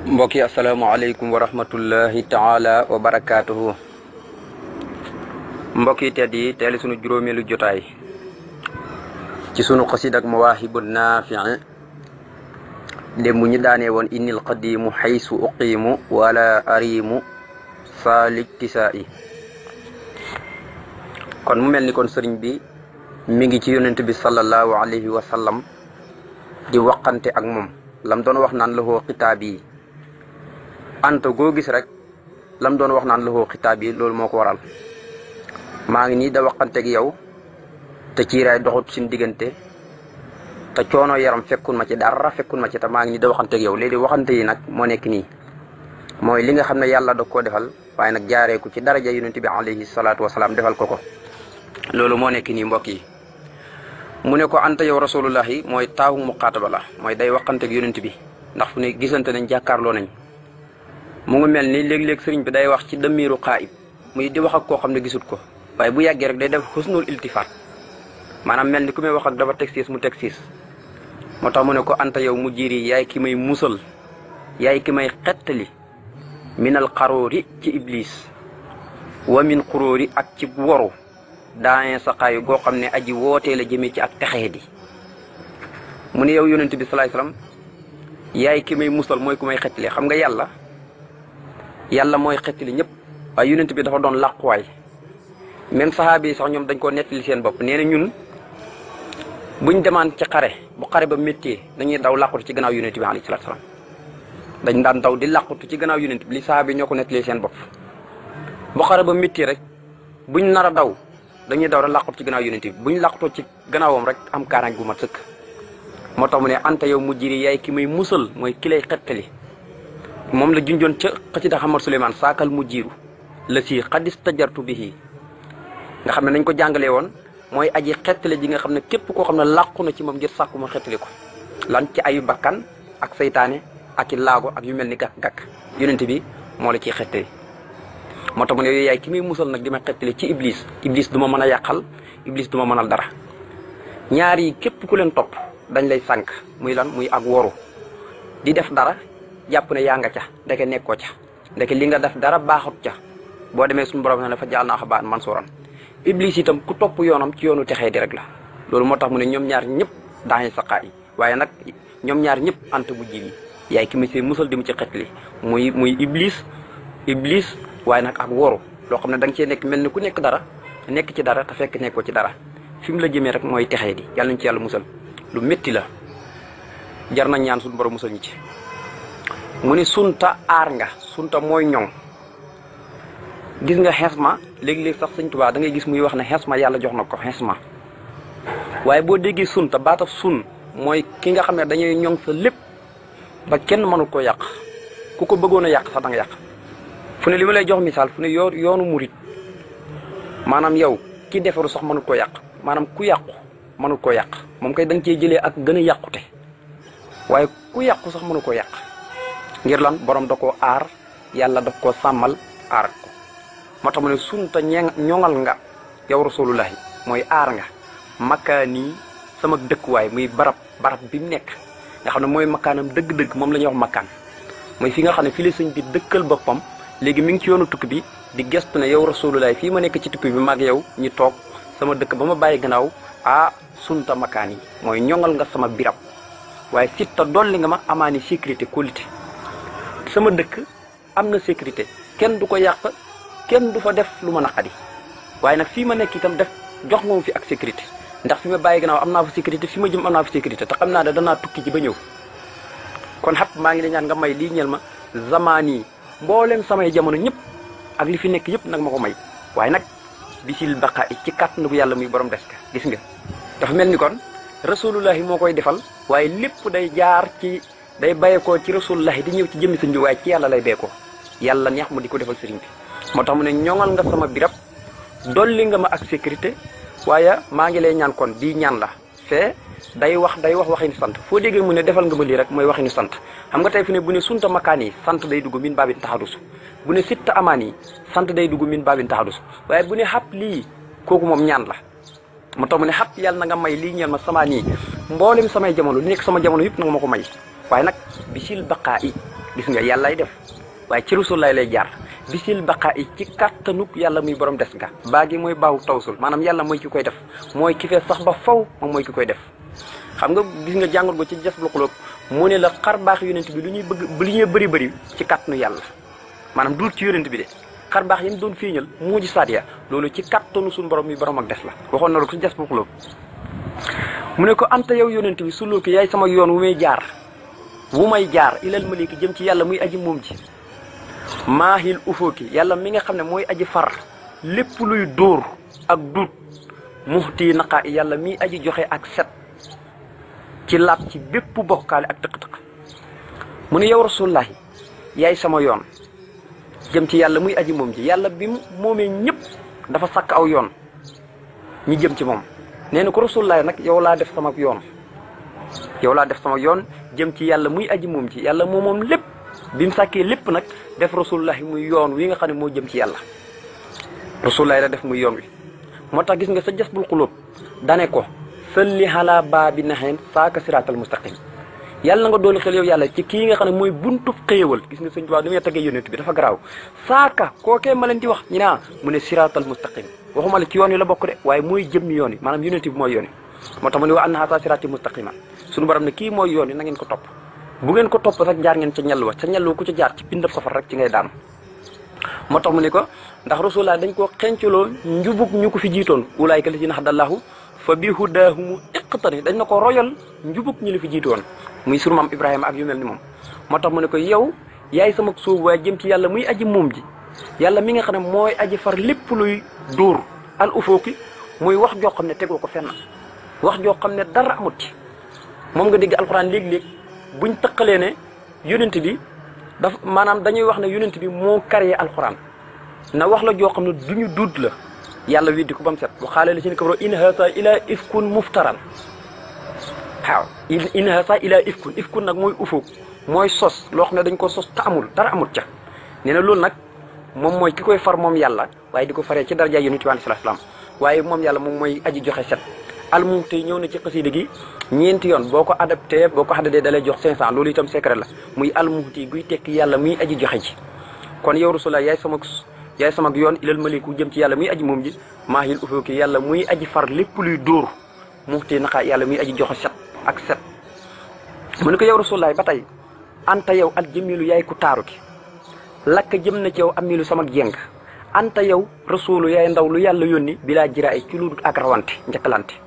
mbokk yi asalaamaaleykum wa rahmatullahi taala wa barakaatuhu mbokk yi teeli sunu juróomeelu jotaay ci sunu xasid ak mawaahibu naafi'i démb ñu daanee woon innil qadimu xaysu uqiimu wala arimu saalik tisaa'i kon mu mel ni kon sëriñ bi mi ngi ci yonent bi sallallahu alayhi wa di waqante ak moom lam wax naan la xoo xitaab anta goo gis rek lam doon wax naan loxoo xitaab yi loolu moo ko waral maa ngi nii da waxanteeg yow te ciiraay doxut suñu diggante te coono yaram fekkun ma ci dara fekkun ma ci te maa ngi nii da waxanteeg yow léegi waxante yi nag moo nekk nii mooy li nga xam ne yàlla da koo defal waaye nag jaaree ko ci daraja yonent bi alayhi salaatu wasalaam defal ko ko loolu moo nekk nii mbokk yi mu ne ko anta yow rasulullahi mooy taawu muqaataba la mooy day waxanteeg yonent bi ndax fu ne gisante nañ jàkkaarloo nañ mu ngi mel ni léeg-léeg sëriñ bi day wax ci damiru xaayib muy di wax ak koo xam ne gisut ko waaye bu yàggee rek day def xusnul iltifaat maanaam mel ni ku may wax ak dafa teg siis mu teg siis moo tax mu ne ko anta yow mu jiri yaay ki may musal yaay ki may xettali minal xaroori ci iblis wa min xuróori ak ci woru daañu saxaayu goo xam ne aji wootee la jëmee ci ak texee di mu ne yow yonent bi salaay salaam yaay ki may musal mooy ku may xettali xam nga yàlla yàlla mooy xettali ñëpp waaye yonent bi dafa doon làquwaay même saxaaba yi sax ñoom dañ koo nettali seen bopp nee na ñun buñ demaan ci xare bu xare ba métier dañuy daw làqutu ci ganaaw yonent bi alayhi salaatu salaam dañ daan daw di làqutu ci gannaaw yonent bi li saxaaba yi ñoo ko nettali seen bopp bu xare ba métier rek buñ nar a daw dañuy daw rek làqutu ci gannaaw yonent bi buñ làqutoo ci gannaawam rek am kaaraange gu mat sëkk moo tax mu ne anta yow mujjiri yaay ki muy musal mooy ki lay moom la junjoon ca xasida xamar Souleymane saakal mu jiiru la si xadis tajartu bihi nga xam ne nañ ko jàngalee woon mooy aji xettale ji nga xam ne képp koo xam ne làqu na ci moom ngir sàkku ma xettale ko lan ci ayu bakkan ak seytaane ak i laago ak yu mel ni gàkk-gàkk yonent bi moo la ciy xettali moo tax mu ne yooyu yaay ki muy musal nag di ma xettali ci iblis iblis du ma mën a yàqal iblis du ma mënal dara ñaar yi képp ku leen topp dañ lay sànq muy lan muy ak woru di def dara jàpp ne yaa nga ca ndeke nekkoo ca ndeke li nga def dara baaxut ca boo demee suñu borom ne dafa jaal naa xabaan mansuuran iblis itam ku topp yoonam ci yoonu texee di rek la loolu moo tax mu ne ñoom ñaar ñëpp daañu saqaa yi waaye nag ñoom ñëpp ant bu jibi yaay ki monsieur musal di mu li muy muy iblis iblis waaye nag ak woru loo xam ne da cee nekk mel ni ku nekk dara nekk ci dara te fekk nekkoo ci dara fi mu la jëmee rek mooy texee di yàlla ñu ci yàlla musal lu métti la jar na ñaan suñu borom musal ñu ci mu ne sunta aar nga sunta mooy ñoŋ gis nga xees ma léegi-léegi sax sëñ Tuubaa dangay gis muy wax ne xesma yàlla jox na ko xesma waaye boo déggee sunta baata sun mooy ki nga xam ne dañuy ñoŋ sa lépp ba kenn mënu ko yàq ku ko bëggoon a yàq sax da nga yàq fu ne li ma lay jox misaal fu ne yoo yoonu murit maanaam yow ki defaru sax mënu ko yàq maanaam ku yàqu mënu ko yàq moom kay da nga cee jëlee ak gën a yàqute waaye ku yàqu sax mënu ko yàq ngir lan boroom da koo aar yàlla daf koo sàmmal aar ko moo tax mu ne sunta ñoŋal nga yow rasulullahi mooy aar nga makkaani sama dëkkuwaay muy barab barab bi mu nekk nga xam ne mooy makkaanam dëgg-dëgg moom la ñuy wax makkaan mooy fi nga xam ne fii la sëñ bi dëkkal boppam léegi mi ngi ci yoonu tukki bi di gestu ne yow rasulullahi fii ma nekk ci tukki bi mag yow ñu toog sama dëkk ba ma bàyyi gannaaw ah sunta makkaan yi mooy ñoŋal nga sama birab waaye sama dëkk am na sécurité kenn du ko yàq kenn du fa def lu ma naqari waaye nag fii ma nekk itam def jox nga fi ak sécurité ndax fi ma bàyyi gannaaw am naa fa sécurité fi ma jëm am naa fa sécurité te xam naa ne danaa tukki ji ba ñëw kon xat maa ngi la ñaan nga may lii ñel ma zamaan yi mbooleem samay jamono ñëpp ak li fi nekk yëpp nag ma ko may waaye nag bisil baqa i ci kàttanu ko yàlla muy borom des gis nga dafa mel ni kon rasulullahi moo koy day bàyyeekoo ci rasulullahi di ñëw ci jëmmi sëñ bi waaye ci yàlla lay bàyyeekoo yàlla neex mu di ko defal sëriñ bi moo tax mu ne ñoŋal nga sama birab li nga ma ak sécurité waaye maa ngi lay ñaan koon bii ñaan la fee day wax day wax waxinu sant foo déggee mu ne defal nga ma lii rek mooy waxinu sant xam nga tey fi ne bu ne sunta makaan yi sant day dugg min baabin taxadusu bu ne sitta amaan yi sant day dugg min baabin taxadusu waaye bu ne xap lii kooku moom ñaan la moo tax mu ne xap yàlla na nga may lii ñeel ma sama nii mboolem samay jamono li nekk jamono yëpp na ma ko may waaye nag bisil baqaa i gis nga yàllaay def waaye ci laay lay jaar bisil baqaa i ci kàttanuk yàlla muy borom des nga baa gi mooy baawu tawsul maanaam yàlla mooy ki koy def mooy ki fee sax ba faw moom mooy ki koy def xam nga gis nga jàngoor go ci jas bu xulóob mu ne la xar baax yonent bi lu ñuy bëgg li ñuy bëri bëri ci kàttanu yàlla maanaam duul ci yonent bi de xar baax yi mu doon feeñal moo ji saadiya loolu ci kàttanu suñu borom mi borom ak des la waxoon na la ko ci jas bu mu ne ko anta yow yonent bi suloo ki yaay sama yoon wu may jaar wu may jaar ilal maliki jëm ci yàlla muy aji moom ji maahil ufooki yàlla mi nga xam ne mooy aji far lépp luy dóor ak duut muxtii naqaa yàlla miy aji joxe ak set ci laab ci bépp bokkaale ak tëq-tëq mu ne yow rasulullahi yaay sama yoon jëm ci yàlla muy aji moom ji yàlla bi mu moomee ñëpp dafa sàkk aw yoon ñi jëm ci moom nee na ko rasulullahi nag yow laa def sama yoon yow laa def sama yoon jëm ci yàlla muy aji moom ci yàlla moom moom lépp bi mu sàkkee lépp nag def rasulullahi muy yoon wi nga xam ne mooy jëm ci yàlla rasulullahi la def muy yoon wi moo tax gis nga sa jasbul xulóob dane ko salli ala baabi naxeen saaka siraatal mustaqim yàlla nga doon xel yow yàlla ci kii nga xam ne mooy buntu xéewal gis nga sëñ Tuubaa li muy tagge yonent bi dafa garaaw saaka kookee ma leen di wax ñu naa ah, mu ne siraatal mustaqim waxuma la ci yoon wi la bokk de waaye mooy jëmmi yoon wi maanaam yonent bi mooy yoon moo tax mu ne ko wa annaha siraati mustaqima suñu borom ne kii mooy yoon yi na ngeen ko topp bu ngeen ko topp rek jaar ngeen ca ñellu wa ca ñellu ku ci jaar ci pindab safar rek ci ngay daan moo tax mu ne ko ndax rasulullah dañ koo xenculoo njubug ñu ko fi jiitoon wulaay kala ulaayka lazina hadallahu fa bi hudahumu iqtani dañ na ko royal njubug ñu la fi jiitoon muy sunu maam ibrahima ak yu mel ni moom moo tax mu ne ko yow yaay sama sóobu waaye jëm ci yàlla muy aji moom ji yàlla mi nga xam ne mooy aji far lépp luy dóor al ufooki muy wax joo xam ne tegoo ko fenn wax joo xam ne dara amut ci moom nga digg alxuraan léeg-léeg bu ñu taqalee ne yonent bi dafa maanaam dañuy wax ne yonent bi moo créé alxuraan na wax la joo xam ne duñu duut la yàlla di ko ba mu set wa qaala la seen kafaroo in haasa ila ifkun muftaran waaw in haasa ila ifkun ifkun nag mooy ufóog mooy sos loo xam ne dañ ko sos te amul dara amul ca nee na loolu nag moom mooy ki koy far moom yàlla waaye di ko faree ci daraja yonent bi alayhi salaam waaye moom yàlla moom mooy aji joxe set almumti ñëw na ci xasida gi ñeenti yoon boo ko adapté boo ko dee dalay jox 500 loolu itam secret la muy almumti guy tekki yàlla muy aji joxe ji kon yow rasula yaay sama yaay sama yoon ilal maliku jëm ci yàlla muy aji moom ji maahil ufuki yàlla muy aji far lépp luy dóor mumti naxa yàlla muy aji joxe set ak set mu ne ko yow rasulaay ba tey anta yow al jëmilu yaay ku taaru gi lakk jëm na ci yow amilu sama jeng anta yow rasulu yaay ndaw lu yàlla yónni bilaa jira ay ci lu ak rawante njëkkalante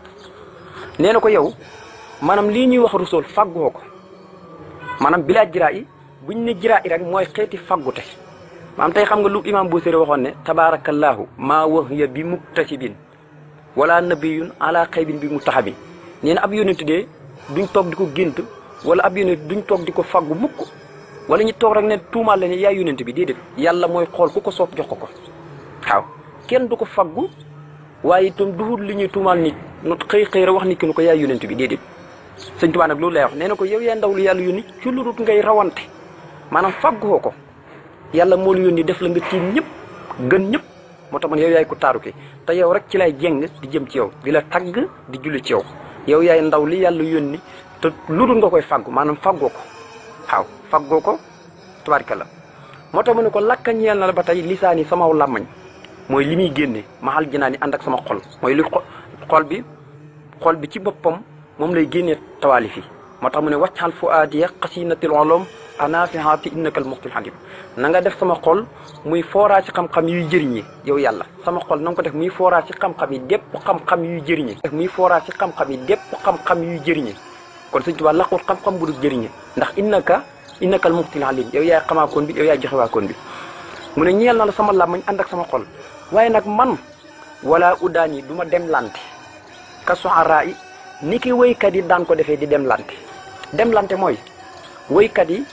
nee na ko yow maanaam lii ñuy wax rusul fàggoo ko maanaam bilaa jiraa yi buñ ne jiraa yi rek mooy xeeti faggute maanaam tey xam nga lu imaam Busiri waxoon ne tabaarakallaahu maa wahiya bi muktasibin wala nabiyun ala xaybin bi mutahabin nee na ab yónent de duñ toog di ko gint wala ab yónent duñ toog di ko faggu mukk wala ñu toog rek ne tuumaal la ne yaay yónent bi déedéet yàlla mooy xool ku ko soob jox ko ko waaw kenn du ko faggu waaye itam duhut li ñuy tuumaal nit nga xëy xëy rek wax ni ki ni ko yaay yonent bi déedéet sëñ Tuubaa nag loolu lay wax nee na ko yow yaa ndaw lu yàlla yónni ci lu rut ngay rawante maanaam fàgguwoo ko yàlla moo la yónni def la nga tiim ñëpp gën ñëpp moo tax man yow yaay ko taaru te yow rek ci lay jeng di jëm ci yow di tagg di julli ci yow yow yaay ndaw li yàlla yónni te lu dul nga koy fàggu maanaam fàggoo ko waaw fàggoo ko tubaarkalla moo tax mu ne ko lakka ñeel na la ba tey lisaani samaw làmmañ mooy li muy génne maxal jinaani ànd ak sama xol mooy li xol bi xol bi ci boppam moom lay génnee tawaalif yi moo tax mu ne wàccal fu aadiya xasinatil olom anasihaati innakal muxtil def sama xol muy fooraa ci xam-xam yuy jëriñe yow yàlla sama xol na nga ko def muy fooraa ci xam-xam yi dépp xam-xam yuy jëriñe def muy xam-xam yi dépp xam-xam yuy jëriñe kon Sëñ Tuubaa laqut xam-xam bu dul jëriñe ndax innaka innakal muxtil xadim yow yaay xamaakoon bi yow yaay joxewaakoon bi mu ne ñeel na la sama làmmiñ ànd ak sama xol waaye nag man wala uddaan yi ma dem lante ka soxaraa yi ni ki woykat yi daan ko defee di dem lante dem mooy woykat yi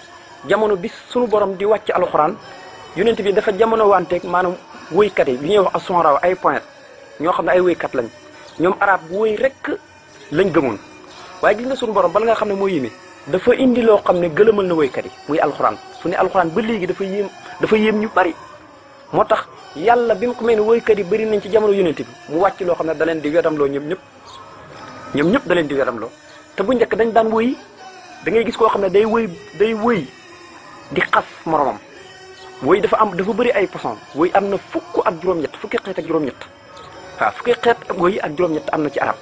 jamono bi sunu borom di wàcc alxuraan yonent bi dafa jamono wanteeg maanaam woykat yi lu ñuy wax asonraw ay point ñoo xam ne ay woykat lañ ñoom arab woy rek lañ gëmoon waaye gis nga sunu borom bala nga xam ne moo yéeme dafa indi loo xam ne gëlëmal na woykat yi muy alxuraan su ne alxuraan ba léegi dafa yéem dafa yéem ñu bari moo tax yàlla bi mu ko mel woykat yi bari nañ ci jamono yonent bi mu wàcc loo xam ne da di wetam loo ñëpp ñoom ñëpp daleen di di loo te bu njëkk dañ daan wëy dangay gis koo xam ne day wëy day wëy di xas moromam wëy dafa am dafa bëri ay façon wëy am na fukk ak juróom-ñett fukki xeet ak juróom-ñett waaw fukki xeet ak wëy juróom-ñett am na ci arab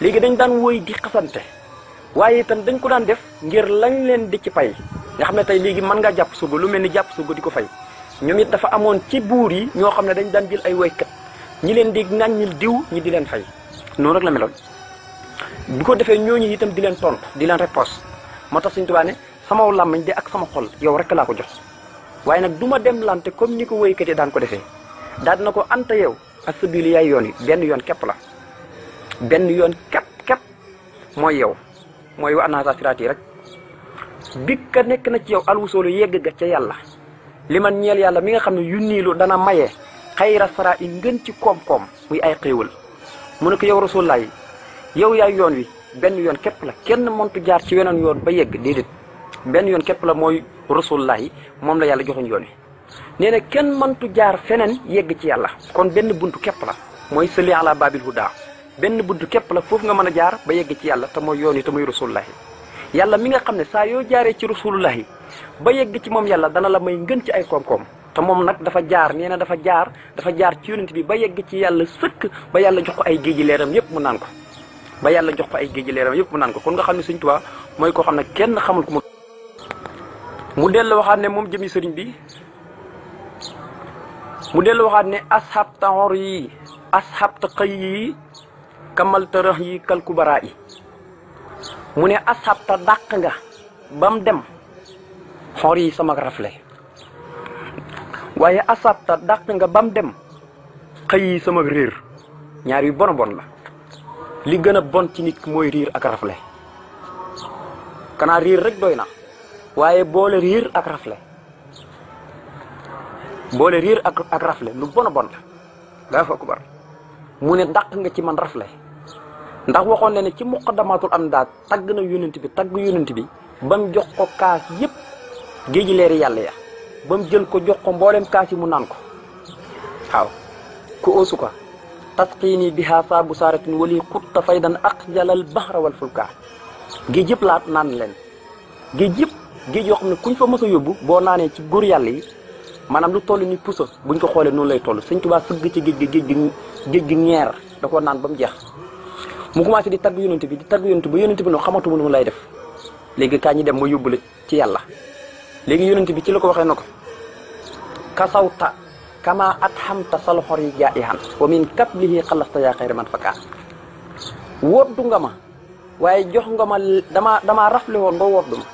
léegi dañ daan wëy di xasante waaye itam dañ ko daan def ngir lañ leen di ci pay nga xam ne tey léegi mën ngaa jàpp surga lu mel ni jàpp surga di ko fay ñoom it dafa amoon ci buur yi ñoo xam ne dañ daan jël ay woykat ñi leen di naññil diw ñi di leen fay noonu rek la meloon bu ko defee ñooñu itam di leen tontu di leen réponse moo tax suñu tubaab ne sama làmmiñ de ak sama xol yow rekk laa ko jox waaye nag du ma dem lante comme ni ko woykat yi daan ko defee daal dina ko anta yow ak sa yoon yi benn yoon képp la benn yoon képp képp mooy yow mooy wa anasa siraat yi rek bi ka nekk na ci yow alwusoolu yegg ga ca yàlla li man ñeel yàlla mi nga xam ne yu niilu dana maye xayra sara yi ngën ci koom-koom muy ay xéewal mu ne ko yow rasulaay yow yaay yoon wi benn yoon képp la kenn mëntu jaar ci weneen yoon ba yegg déedéet benn yoon képp la mooy rasulullah yi moom la yàlla joxuñ yoon wi nee na kenn mëntu jaar feneen yegg ci yàlla kon benn buntu képp la mooy sëli ala babil huda benn buntu képp la foofu nga mën a jaar ba yegg ci yàlla te mooy yoon wi te muy rasulullah yàlla mi nga xam ne saa yoo jaaree ci rasulullah yi ba yegg ci moom yàlla dana la may ngën ci ay koom-koom te moom nag dafa jaar nee na dafa jaar dafa jaar ci bi ba yegg ci yàlla sëkk ba yàlla jox ko ay géeji leeram yépp mu naan ba yàlla jox ko ay géej leeram yëpp mu naan ko kon nga xam ne sëñ Tuubaa mooy ko xam ne kenn xamul ko mu mu dellu waxaat ne moom jëmi sëriñ bi mu dellu waxaat ne ashab taxor yi ashab ta xëy yi kamal yi kalkubara yi mu ne ashab dàq nga bam dem xor yi sama rafle waaye ashab dàq nga bam dem xëy yi sama réer ñaar yu bon la li gën a bon ci nit mooy riir ak rafle kanaa riir rek doy na waaye boole riir ak rafle boole riir ak ak rafle lu bon a bon la daa fa kubar mu ne dàq nga ci man rafle ndax waxoon na ne ci muqaddamatul am daal tagg na yonent bi tagg yonent bi ba mu jox ko kaas yépp géeji leer yàlla ya ba jël ko jox ko mbooleem kaas yi mu naan ko waaw ku óosu ko tasqini biha saabu saaratin wali xutta faydan ak jalal bahra wal fulka géej yëpp laa naan leen géej yëpp géej yoo xam ne kuñ fa mës a yóbbu boo naanee ci góor yàlla yi maanaam lu toll ni bu buñ ko xoolee noonu lay toll sëñ Tuubaa sëgg ci géej gi géej gi géej gi ñeer da ko naan ba mu jeex mu commencé di tagg yonent bi di tagg yonent ba yonent bi no xamatuma nu mu lay def léegi kaa ñi dem ma yóbbu la ci yàlla léegi yonent bi ci la ko waxee na ko kama athamta sal xor yi jaa ihan wa min kablihi xalasta yaa xayra man fakaan woddu nga ma waaye jox nga ma dama damaa rafle woon nga woddu ma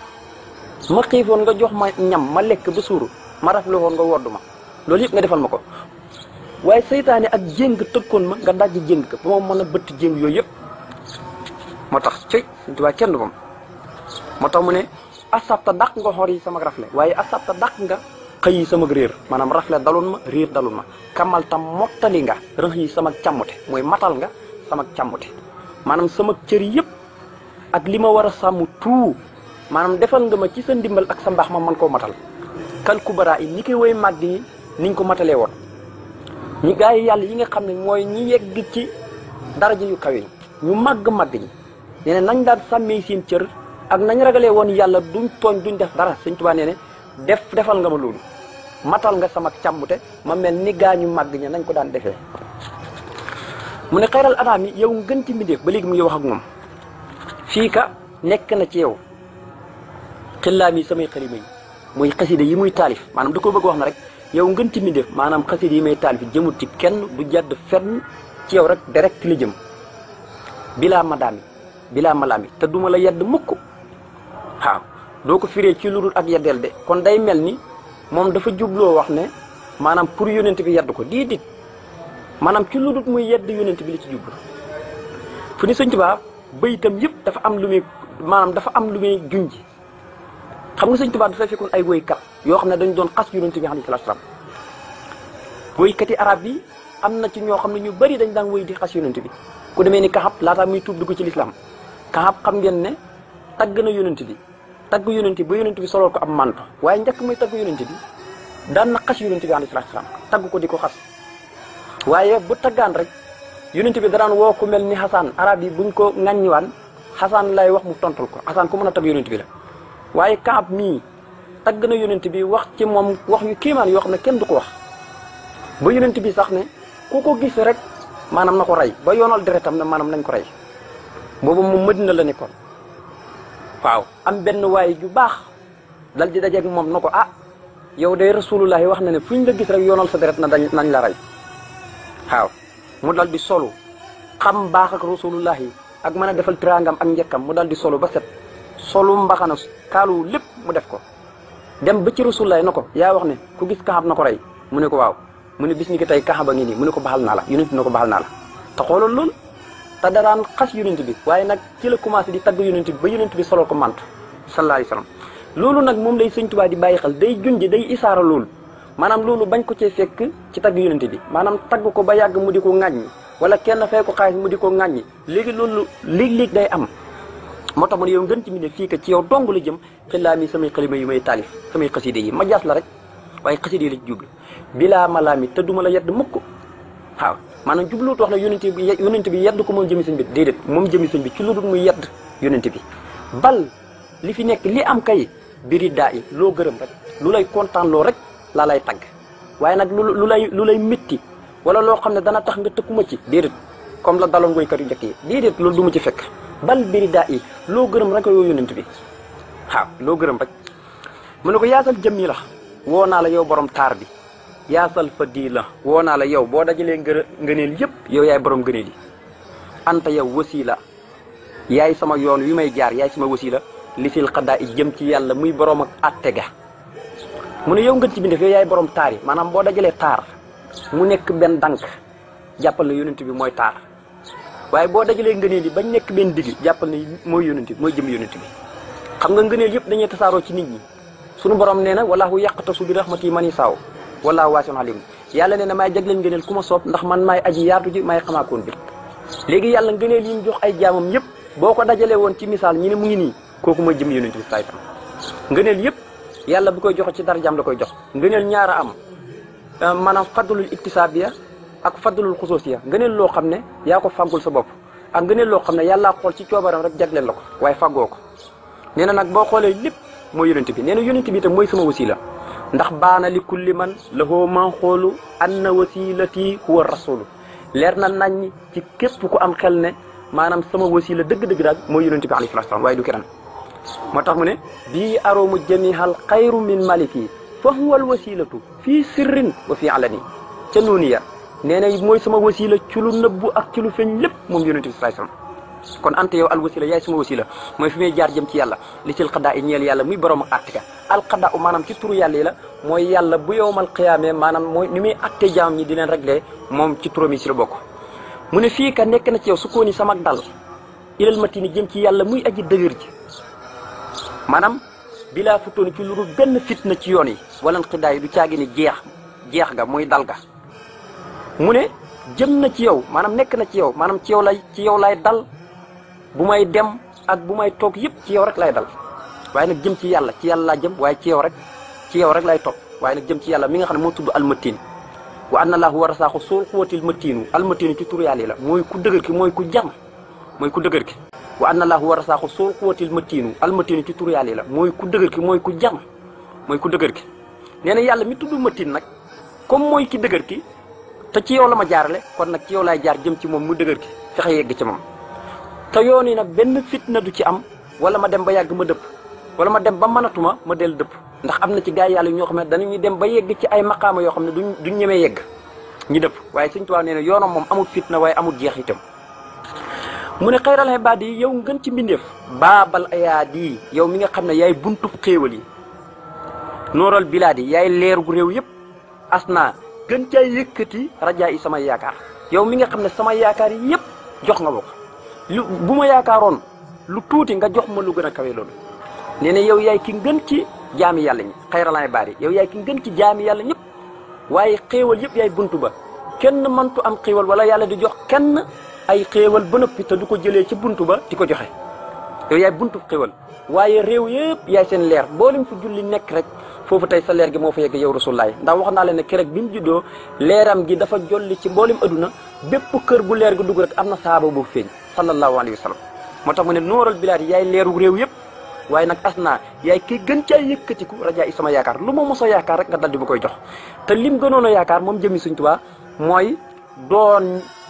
ma xiifoon nga jox ma ñam ma lekk ba suuru ma rafle woon nga woddu ma loolu yëpp nga defal ma ko waaye seytaane ak jéng tëkkoon ma nga dajji jéng ka ba ma mën a bëtt jéng yooyu yëpp moo tax cëy Sëñ Tuubaa kenn du moo tax mu ne asabta dàq nga xor yi sama rafle waaye asabta dàq nga xëy sama réer maanaam rafle dalun ma réer dalun ma kamal tam mottali nga rëx yi sama càmmute mooy matal nga sama càmmute maanaam sama cër yëpp ak li ma war a sàmm tout maanaam defal nga ma ci sa ndimbal ak sa mbaax ma man koo matal kalku baraa yi ni koy woy màgg yi niñ ko matalee woon ñu gaa yàlla yi nga xam ne mooy ñi yegg ci daraja yu kawe ñu màgg-màgg ñi nee nañ daan sàmmee seen cër ak nañ ragalee woon yàlla duñ tooñ duñ def dara sëñ Tuubaa ne def defal nga ma loolu matal nga sama càmbute ma mel ni gaa ñu màgg ña nañ ko daan defee mu ne xayral anaam yi yow ngën ci ba léegi mu ngi wax moom fii ka nekk na ci yow xillaam yi samay xalima yi muy xasida yi muy taalif maanaam da ko bëgg wax na rek yow ngën ci mbindéef maanaam xasida yi may taalif jëmut ci kenn du jàdd fenn ci yow rek direct li jëm bilaa madaami bilaa malaami te duma la yedd mukk doo ko firee ci lu dul ak yeddeel de kon day mel ni moom dafa jubloo wax ne maanaam pour yonent bi yedd ko dii dit maanaam ci lu dul muy yedd yonent bi li ci jublu fu ni sëñ Tuubaa bayitam yëpp dafa am lu muy maanaam dafa am lu muy ji xam nga sëñ Tuubaa dafay fekkoon ay woykat yoo xam ne dañu doon xas yonent bi xam salaatu wa salaam woykat yi arab yi am na ci ñoo xam ne ñu bari dañ daan woy di xas yonent bi ku demee ni Kaxab laataa muy tuub dugg ci lislaam Kaxab xam ngeen ne tagg na yonent bi tagg yonent ba yonent bi solol ko ab manto waaye njëkk muy tagg yonent bi daan na xas yonent bi alayhi salaam tagg ko di ko xas waaye bu taggaan rek yonent bi daraan woo ku mel ni xasaan arab yi bu buñ ko ŋàññiwaan xasaan lay wax mu tontul ko xasaan ku mën a tagg yonent bi la waaye kaab mii tagg na yonent bi wax ci moom wax yu kéemaan yoo xam ne kenn du ko wax ba yonent bi sax ne ku ko gis rek maanaam na ko rey ba yoonal deretam na maanaam nañ ko rey boobu moom Madina la nekkoon waaw am benn waay ju baax dal di dajeeg moom na ko ah yow day rasulullahi wax na ne fu ñu la gis rek yoonal sa deret na nañ la rey waaw mu dal di solu xam baax ak rasulullahi ak mën a defal tiraangam ak njëkkam mu dal di solu ba set solu mbaxana kaalu lépp mu def ko dem ba ci rasulullahi na ko yaa wax ne ku gis kaxab na ko rey mu ne ko waaw mu ne bis ni ki tey kaxaba ngi nii mu ne ko baxal naa la yonent na ko baxal naa la te xoolal loolu te daraan xas yonent bi waaye nag ci la commencé di tagg yonent bi ba yonent bi solol ko mant sallallahu alayhi wa sallam loolu nag moom lay sëñ Tuubaa di bàyyi xel day junj day isaara loolu manaam loolu bañ ko cee fekk ci tagg yonent bi maanaam tagg ko ba yàgg mu di ko ŋàññi wala kenn fay ko xaalis mu di ko ŋàññi léegi loolu léeg-léeg day am moo tax mu yow ngën ci mi ne fii ka ci yow dong la jëm xillaa mi samay xalima yu may taalif samay xaside yi ma jaas la rek waaye xaside la ci jublu bilaa malaami te duma la yedd mukk waaw maanaam jubluut wax na yonent bi yonent bi yedd ko moom jëmi sëñ bi déedéet moom jëmi sëñ bi ci lu dul muy yedd yonent bi bal li fi nekk li am kay biri daa loo gërëm rek lu lay kontaan rek laa lay tagg waaye nag lu lu lu lay métti wala loo xam ne dana tax nga tëkkuma ci déedéet comme la daloon woykat yu njëkk yi déedéet loolu du ci fekk bal biri daa yi loo gërëm rek yoo yonent bi waaw loo gërëm rek mu na ko yaasal jëmmi la woo naa la yow borom taar bi yaasal fa dii la woo naa la yow boo dajalee ngë ngëneel yépp yow yaay boroom ngëneel yi anta yow wasila yaay sama yoon yu may jaar yaay sama wasila li sil xadaa i jëm ci yàlla muy borom ak atte ga mu ne yow ngën ci bi def yow yaay borom taar yi maanaam boo dajalee taar mu nekk benn dank jàppal na yonent bi mooy taar waaye boo dajalee ngëneel yi bañ nekk benn digg jàppal na mooy yonent mooy jëm yonent bi xam nga ngëneel yëpp dañuy tasaaroo ci nit ñi sunu borom nee na walaahu yàqtasu bi rahmati man yi saaw wallaahu waasiun alim yàlla nee na maay jagleen ngëneel ku ma soob ndax man maay aj yaatu ji maay xamaakoon bi léegi yàlla ngëneel yi mu jox ay jaamam yëpp boo ko dajalee woon ci misaal ñu ne mu ngi nii kooku ma jëm yonent bi saay tam ngëneel yëpp yàlla bu koy joxe ci darajaam la koy jox ngëneel ñaar a am euh, maanaam fadlul iktisaabiya ak fadlul xusuusiya ngëneel loo xam ne yaa ko fàggul sa bopp ak ngëneel loo xam ne yàllaa xool ci coobaram rek jagleen la ko waaye fàggoo ko nee nag boo xoolee lépp mooy yonent bi nee na mooy sama wasila ndax baana li kulli man lahoo man xoolu anna wasilati huwa rasulu leer na nañ ci képp ku am xel ne maanaam sama wasila dëgg-dëgg daal mooy yonente bi alayhi salaam waaye du keneen moo tax mu ne bii aroomu jamihal xayru min maliki fa huwa al tu fii sirrin wa fii alani ca noonu ya nee na mooy sama wasila ci lu nëbbu ak ci feeñ lépp moom yonente bi salaam kon anta yow al wasila yaay suma wasila mooy fi may jaar jëm ci yàlla li ci xadaa i ñeel yàlla muy borom ak àtte ka alxadaa maanaam ci turu yàlla yi la mooy yàlla bu yowmal xiyaamee maanaam mooy ni muy atte jaam ñi di leen réglé moom ci turam yi ci la bokk mu ne fii ka nekk na ci yow su kooni samak dal ilal ni jëm ci yàlla muy aji dëgër ji maanaam bilaa futoon ci lu dul benn na ci yoon yi wala xidaa yi du caagi ni jeex jeex ga muy dal na ci yow maanaam nekk na ci yow maanaam ci yow lay ci yow bu may dem ak bu may toog yëpp ci yow rek lay dal waaye nag jëm ci yàlla ci yàlla laa jëm waaye ci yow rek ci yow rek lay toog waaye nag jëm ci yàlla mi nga xam ne moo tudd almatin wa anna laahu warasaaxu soo xuwatil matinu almatinu ci tur yàlla la mooy ku dëgër ki mooy ku jam mooy ku dëgër ki wa anna laahu warasaaxu soo xuwatil matinu almatinu ci tur yàlla yi la mooy ku dëgër ki mooy ku jam mooy ku dëgër ki nee na yàlla mi tudd matin nag comme mooy ki dëgër ki te ci yow la ma jaarale kon nag ci yow laay jaar jëm ci moom mu dëgër ki fexe yegg ci moom te yoon yi nag benn fitna du ci am wala ma dem ba yàgg ma dëpp wala ma dem ba mënatuma ma dellu dëpp ndax am na ci gaay yàlla ñoo xam ne danañuy dem ba yegg ci ay maqaama yoo xam ne duñ duñ ñemee yegg ñi dëpp waaye Sëñ Tuubaa nee na yoonam moom amul fitna waaye amul jeex itam mu ne xayral ibaad yi yow ngën ci mbindeef baabal ayaad di yow mi nga xam ne yaay buntu xéewal yi nooral bilaad yi yaay leer gu réew yëpp asna gën caa yëkkati rajaa yi yaakaar yow mi nga xam ne sama yaakaar yëpp jox nga bokk lu bu ma yaakaaroon lu tuuti nga jox ma lu gën a kawe loolu nee ne yow yaay ki gën ci jaami yàlla ñi xayralaay baari yow yaay ki gën ci jaami yàlla ñëpp waaye xéewal yëpp yaay bunt ba kenn tu am xéewal wala yàlla di jox kenn ay xéewal ba noppi te du ko jëlee ci bunt ba di ko joxe yow yaay buntu xéewal waaye réew yëpp yaay seen leer boolem fu julli nekk rek foofu tey sa leer gi moo fa yegg yow rasulaay ndax wax naa leen ne keroog bi mu juddoo leeram gi dafa jolli ci mboolem aduna bépp kër bu leer gi dugg rek am na saaba bu feeñ sallallahu alayhi wa sallam moo tax mu ne nooral bilaat yaay leeru réew yëpp waaye nag asnaa yaay kii gën caa yëkkatiku rajaa i sama yaakaar lu ma mos a yaakaar rek nga dal di koy jox te lim gënoon a yaakaar moom jëmi Sëñ Tuubaa mooy doon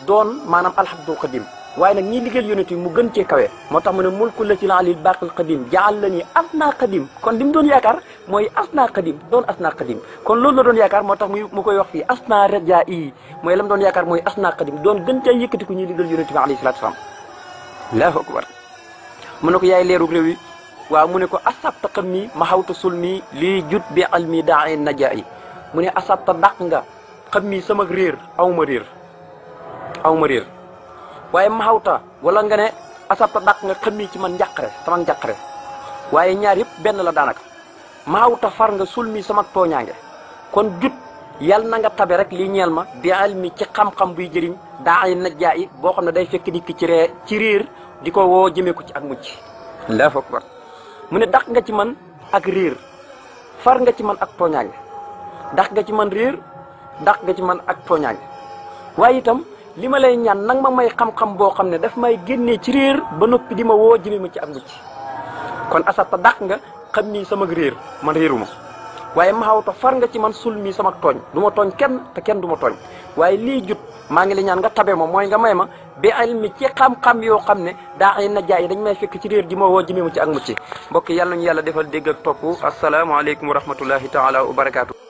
doon maanaam alhamdul xadim waaye nag ñi liggéeyal yonent bi mu gën cee kawe moo tax mu ne mulku la ci laalil baqil qadim jaal la ni asna qadim kon li mu doon yaakaar mooy asna qadim doon asna qadim kon loolu la doon yaakaar moo tax mu koy wax fii asna raja yi mooy lam doon yaakaar mooy asna qadim doon gën cee yëkkatiku ñuy liggéeyal yonent bi alayhi salaatu salaam allahu akbar mu ne ko yaay leerug réew yi waaw mu ne ko asabta xam ma maxawta sul nii lii jut bi almi daa naja yi mu ne asabta dàq nga xam nii sama réer aw ma aw ma waaye maxawta wala nga ne asabta dàq nga xëmmi ci man njàqare sama njàqare waaye ñaar yëpp benn la daanaka maxawta far nga suul mi sama tooñaange kon jut yàlla na nga tabe rek lii ñeel ma bi mi ci xam-xam buy jëriñ daa ay najjaa yi boo xam ne day fekk nit ki ci ree réer di ko woo jëmee ko ci ak mucc allahu akbar mu ne dàq nga ci man ak réer far nga ci man ak tooñaange dàq nga ci man réer dàq nga ci man ak tooñaange waaye itam li ma lay ñaan nag ma may xam-xam boo xam ne daf may génnee ci réer ba noppi di ma woo jëme ma ci ak mucc kon asata dàq nga xam ni sama réer man réeruma waaye ma xaw ta far nga ci man sul mi sama tooñ du ma tooñ kenn kenn du ma tooñ waaye lii jut maa ngi la ñaan nga tabe ma mooy nga may ma bi ilmi ci xam-xam yoo xam ne daa ay na dañ may fekk ci réer di ma woo jëme ma ci ak mucc mbokk yàlla nañu yàlla defal dégg ak topp asalaamaaleykum wa rahmatullahi taala wa barakaatu.